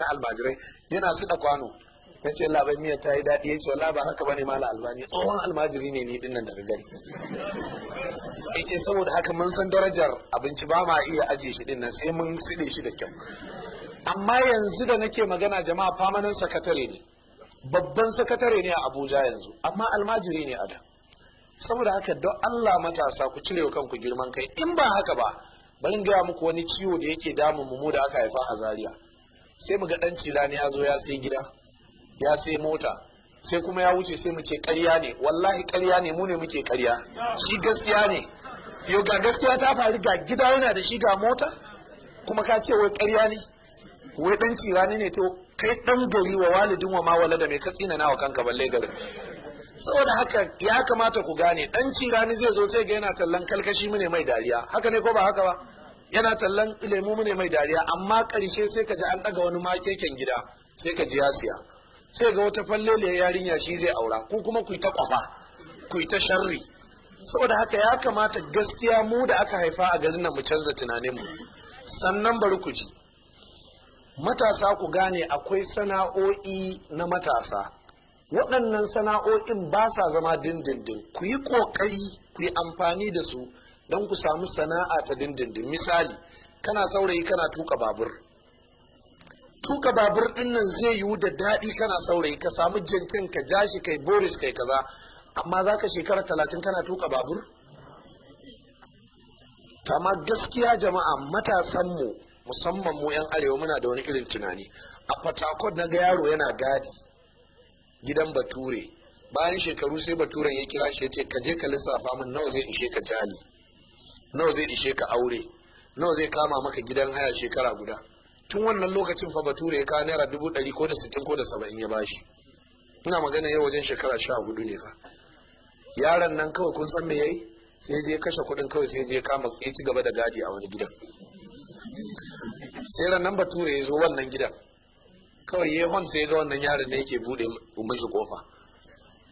na almajirai yana sida kwano na ce labai miyar ta yi daɗi ya ce wala ba haka bane mala albani tsohon almajiri ne ni dinnan daga gari ya ce saboda haka mun san darajar abinci ba ma iya ajiye shi dinnan sai mun siɗe shi da kyau amma yanzu da nake magana jama'a famanin sakatare ne babban sakatare ne a abuja yanzu amma almajiri ne a da saboda haka don allah matasa ku cire wa kanku girman kai in ba haka ba bari gaya muku wani ciwo da yake damun mu da aka haifa a zaria sai mu ga dan cilani ya zo ya sai gida ya sai mota sai kuma ya wuce sai mu ce ƙarya ne wallahi ƙarya ne mu ne muke ƙarya shi gaskiya ne yau ga gaskiya ta faru ga gida yana da shi ga mota kuma ka ce wai ƙarya ne wai dan cirani ne to kai dan gari wa walidin wa mawala da mai ka tsina nawa kanka balle garin saboda haka ya kamata ku gane dan cirani zai zo sai ga yana tallan kalkashi mu ne mai dariya haka ne ko ba haka ba yana tallan lemu ne mai dariya amma ƙarshe sai ka ji an ɗaga wani makeken gida sai ka ji ya siya sai ga wata fallele yarinya shi zai aura ko kuma ku ta kwafa ku ta sharri saboda haka ya kamata gaskiya mu da aka haifa a garin nan mu canza tunanin mu sannan bari ku ji matasa ku gane akwai sana'o'i na matasa waɗannan sana'o'in ba sa zama dindindin ku yi ƙoƙari ku yi amfani da su don ku samu sana'a ta dindindin misali kana saurayi kana tuka babur tuka babur dinnan zai yiwu da daɗi kana saurayi ka samu jintin ka jashi kai boris kai kaza amma za ka shekara talatin kana tuka babur amma gaskiya jama'a matasanmu musamman mu 'yan arewa muna da wani irin tunani a fatakon na ga yaro yana gadi gidan bature bayan shekaru sai baturen ya kira shi ya ce ka je ka lissafa min nawa zai ishe ka jali nawa zai ishe ka aure nawa zai kama maka gidan haya shekara guda tun wannan lokacin fa bature ya kawo naira dubu ɗari ko da sittin ko da saba'in ya bashi ina magana yau wajen shekara sha hudu ne fa yaron nan kawai kun san me yayi sai je kashe kuɗin kawai sai je kama ya ci gaba da gadi a wani gidan sai ran nan bature ya zo wannan gidan kawai ya hon sai ga wannan yaron ne yake buɗe mashi kofa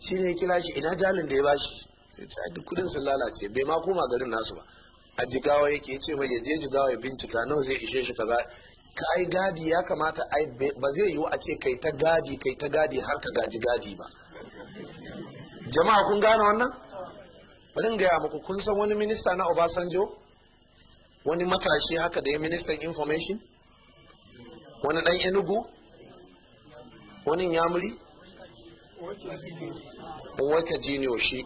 shi ya kira shi ina jalin da ya bashi sai ta duk kudin sun lalace bai ma koma garin nasu ba a jigawa yake ce mai yaje je jigawa ya bincika nawa zai ishe shi kaza kai gadi ya kamata ai ba zai yiwu a ce kai ta gadi kai ta gadi har ka gaji gadi ba jama'a kun gane wannan bari gaya muku kun san wani minista na obasanjo wani matashi haka da ya minista information wani dan enugu wani yamuri wani kajiniyo shi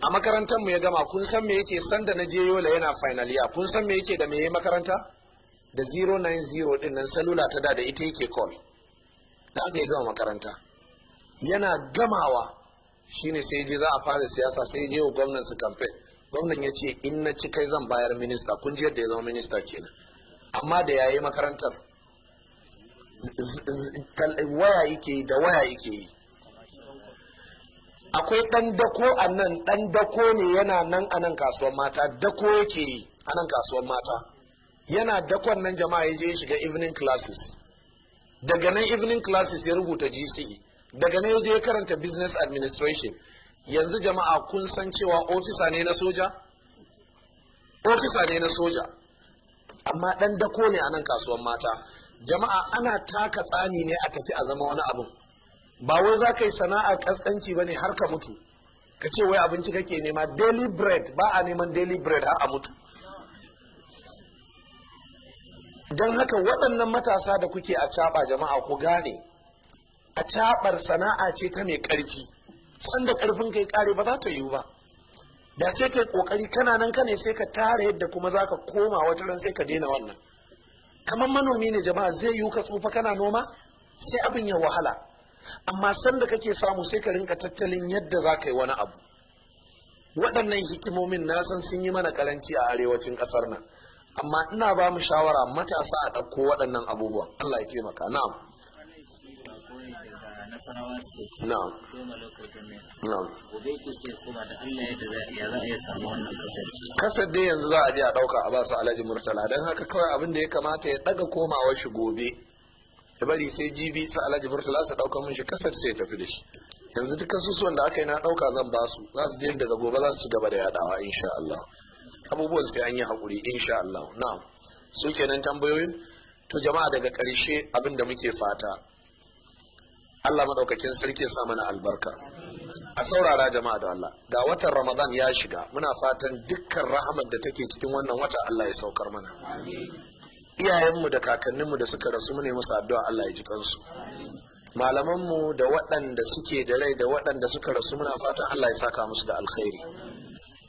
a makarantar mu ya gama kun san me yake sanda na je yola yana final year kun san me yake da me yayi makaranta da 090 din nan salula ta da da ita yake call da aka gama makaranta yana gamawa shine sai je za a fara siyasa sai je wa gwamnan su campaign gwamnan ya ce in na ci kai zan bayar minista kun ji yadda ya zama minista kenan amma da yayi makarantar waya yake da waya yake yi akwai ɗan dako a nan ɗan dako ne yana nan a nan kasuwar mata dako yake yi a nan kasuwar mata yana dakon nan jama'a ya je ya shiga evening classes daga nan evening classes ya rubuta gce daga nan ya je ya karanta business administration yanzu jama'a kun san cewa ofisa ne na soja ofisa ne na soja amma ɗan dako ne a nan kasuwar mata jama'a ana taka tsani ne a tafi a zama wani abin ba wai za ka yi sana'a kaskanci ba ne har ka mutu ka ce wai abinci kake nema daily bread ba a neman daily bread har a mutu don haka waɗannan matasa da kuke a caɓa jama'a ku gane a caɓar sana'a ce ta mai ƙarfi sanda ƙarfin kai ƙare ba za ta yiwu ba da sai kai ƙoƙari kana nan ka ne sai ka tara yadda kuma za ka koma wata ran sai ka daina wannan kamar manomi ne jama'a zai yiwu ka tsufa kana noma sai abin ya wahala amma sanda kake samu sai ka rinka tattalin yadda za ka yi wani abu waɗannan hikimomin na san sun yi mana karanci a arewacin ƙasar nan amma ina ba mu shawara matasa a ɗauko waɗannan abubuwan Allah ya taimaka na'am na'am na'am kasar dai yanzu za a je a ɗauka a ba su alhaji murtala don haka kawai abin da ya kamata ya ɗaga komawa shi gobe ya bari sai jibi sa alhaji murtala su dauka mun shi kasar sai tafi da shi yanzu duk kasusuwan da aka yi na dauka zan ba su za su je daga gobe za su ci gaba da yaɗawa, insha Allah abubuwan sai an yi hakuri insha Allah na'am su kenan tambayoyin to jama'a daga ƙarshe abin da muke fata Allah madaukakin sarki ya sa mana albarka a saurara jama'a da Allah ga watan Ramadan ya shiga muna fatan dukkan rahamar da take cikin wannan wata Allah ya saukar mana amin iyayenmu da kakanninmu da suka rasu mu ne musu addu'a Allah ya ji kansu malamanmu da waɗanda suke da rai da waɗanda suka rasu muna fatan Allah ya saka musu da alkhairi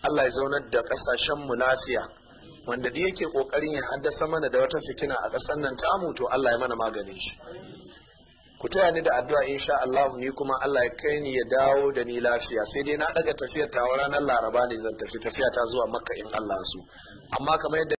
Allah ya zaunar da ƙasashenmu lafiya wanda da yake ƙoƙarin ya haddasa mana da wata fitina a ƙasar nan ta mutu Allah ya mana maganin shi ku taya ni da addu'a insha Allah ni kuma Allah ya kai ni ya dawo da ni lafiya sai dai na daga tafiyar ta ranar Laraba ne zan tafi tafiya ta zuwa Makka in Allah su amma kamar yadda